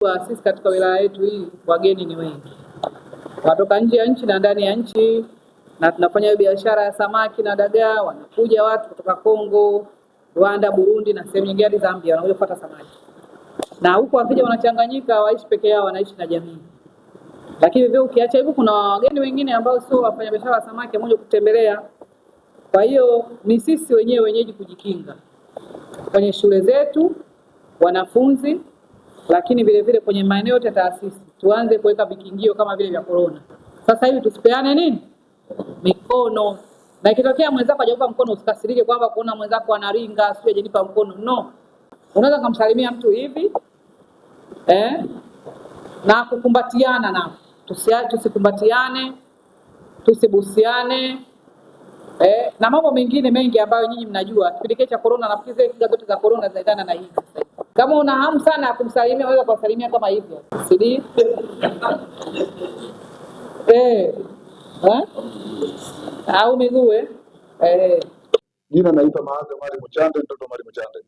kuwa sisi katika wilaya yetu hii wageni ni wengi, wanatoka nje ya nchi na ndani ya nchi, na tunafanya biashara ya samaki na dagaa. Wanakuja watu kutoka Kongo, Rwanda, Burundi na sehemu nyingine hadi Zambia, wanakuja kupata samaki, na huko wakija wanachanganyika, waishi peke yao, wanaishi na jamii. Lakini vile ukiacha hivyo, kuna wageni wengine ambao sio wafanyabiashara wa samaki, moja kutembelea. Kwa hiyo ni sisi wenyewe wenyeji kujikinga kwenye shule zetu, wanafunzi lakini vile vile kwenye maeneo yote ya taasisi tuanze kuweka vikingio kama vile vya korona. Sasa hivi tusipeane nini mikono, na ikitokea mwenzako hajakupa mkono usikasirike kwamba kuona mwenzako anaringa sio hajanipa mkono. No, unaweza kumsalimia mtu hivi eh, na kukumbatiana na tusikumbatiane, tusibusiane eh, na mambo mengine mengi ambayo nyinyi mnajua. Kipindi cha korona, nafikiri zile kinga zote za korona zinaendana na hii sasa kama una hamu sana ya kumsalimia unaweza kuwasalimia kama hivyo, sidi eh, au miguu eh. eh. Jina naitwa Maaza Mwalimu Chande, mtoto Mwalimu Chande.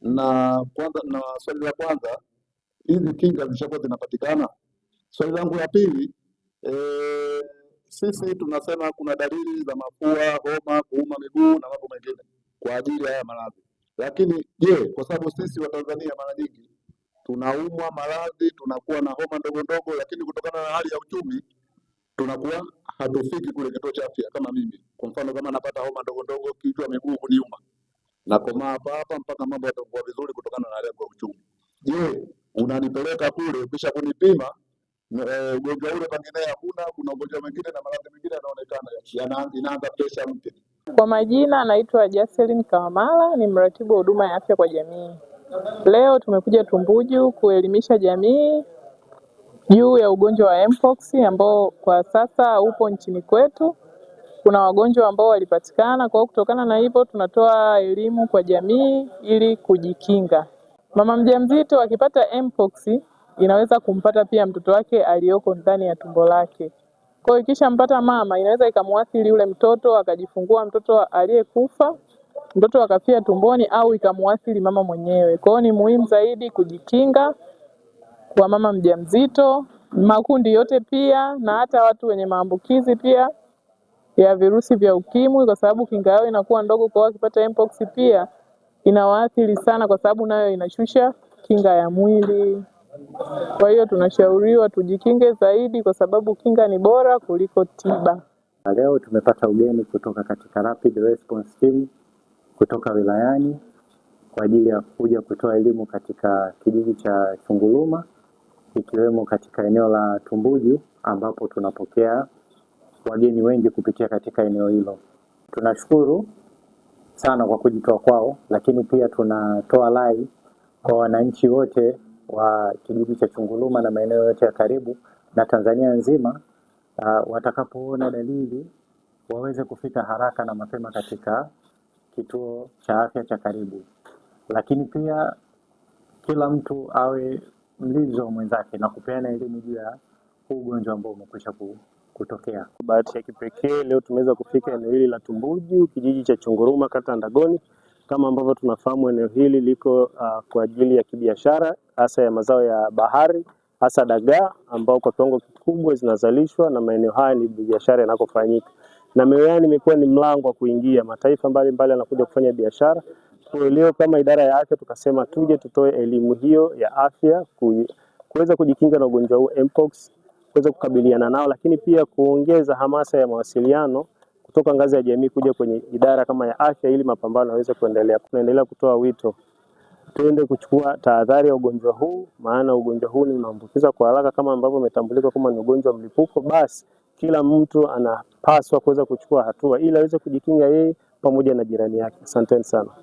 Na kwanza, na swali la kwanza, hizi kinga zishakuwa zinapatikana. Swali langu la pili, eh, sisi tunasema kuna dalili za mafua, homa, kuuma miguu na mambo mengine kwa ajili ya haya maradhi lakini je, kwa sababu sisi Watanzania mara nyingi tunaumwa maradhi, tunakuwa na homa ndogo ndogo, lakini kutokana na hali ya uchumi tunakuwa hatufiki kule kituo cha afya. Kama mimi kwa mfano, kama napata homa ndogo ndogo, kichwa, miguu kuniuma, nakomaa hapa hapa mpaka mambo yatakuwa vizuri kutokana na hali ya uchumi. Je, unanipeleka kule, kisha kunipima eh, ugonjwa ule pengine hakuna, kuna ugonjwa mwingine na maradhi mengine yanaonekana, inaanza presha mpya. Kwa majina anaitwa Jaselin Kawamala ni mratibu wa huduma ya afya kwa jamii. Leo tumekuja Tumbuju kuelimisha jamii juu ya ugonjwa wa Mpox ambao kwa sasa upo nchini kwetu. Kuna wagonjwa ambao walipatikana, kwa hiyo kutokana na hivyo tunatoa elimu kwa jamii ili kujikinga. Mama mjamzito akipata Mpox inaweza kumpata pia mtoto wake aliyoko ndani ya tumbo lake. Kwa hiyo ikishampata mama inaweza ikamwathiri yule mtoto, akajifungua mtoto aliyekufa, mtoto akafia tumboni, au ikamwathiri mama mwenyewe. Kwa hiyo ni muhimu zaidi kujikinga kwa mama mjamzito, makundi yote pia, na hata watu wenye maambukizi pia ya virusi vya ukimwi, kwa sababu kinga yao inakuwa ndogo. Kwa wakipata mpox pia inawaathiri sana, kwa sababu nayo inashusha kinga ya mwili. Kwa hiyo tunashauriwa tujikinge zaidi, kwa sababu kinga ni bora kuliko tiba. Na leo tumepata ugeni kutoka katika Rapid Response Team kutoka wilayani kwa ajili ya kuja kutoa elimu katika kijiji cha Chunguruma ikiwemo katika eneo la Tumbuju ambapo tunapokea wageni wengi kupitia katika eneo hilo. Tunashukuru sana kwa kujitoa kwao, lakini pia tunatoa rai kwa wananchi wote wa kijiji cha Chunguluma na maeneo yote ya karibu na Tanzania nzima uh, watakapoona dalili waweze kufika haraka na mapema katika kituo cha afya cha karibu. Lakini pia kila mtu awe mlinzi wa mwenzake na kupeana elimu juu ya huu ugonjwa ambao umekwisha kutokea. Bahati ya kipekee leo tumeweza kufika eneo hili la Tumbuju, kijiji cha Chunguruma, kata Ndagoni, kama ambavyo tunafahamu, eneo hili liko uh, kwa ajili ya kibiashara hasa ya mazao ya bahari hasa dagaa ambao kwa kiwango kikubwa zinazalishwa na maeneo haya ni biashara yanakofanyika, na Meuyani imekuwa ni mlango wa kuingia mataifa mbalimbali yanakuja kufanya biashara. Kwa leo kama idara ya afya tukasema tuje tutoe elimu hiyo ya afya kuweza kujikinga na ugonjwa huu mpox, kuweza kukabiliana nao, lakini pia kuongeza hamasa ya mawasiliano kutoka ngazi ya jamii kuja kwenye idara kama ya afya ili mapambano yaweze kuendelea. Tunaendelea kutoa wito, tuende kuchukua tahadhari ya ugonjwa huu, maana ugonjwa huu ni maambukiza kwa haraka, kama ambavyo umetambulika kama ni ugonjwa mlipuko. Basi kila mtu anapaswa kuweza kuchukua hatua ili aweze kujikinga yeye pamoja na jirani yake. Asanteni sana.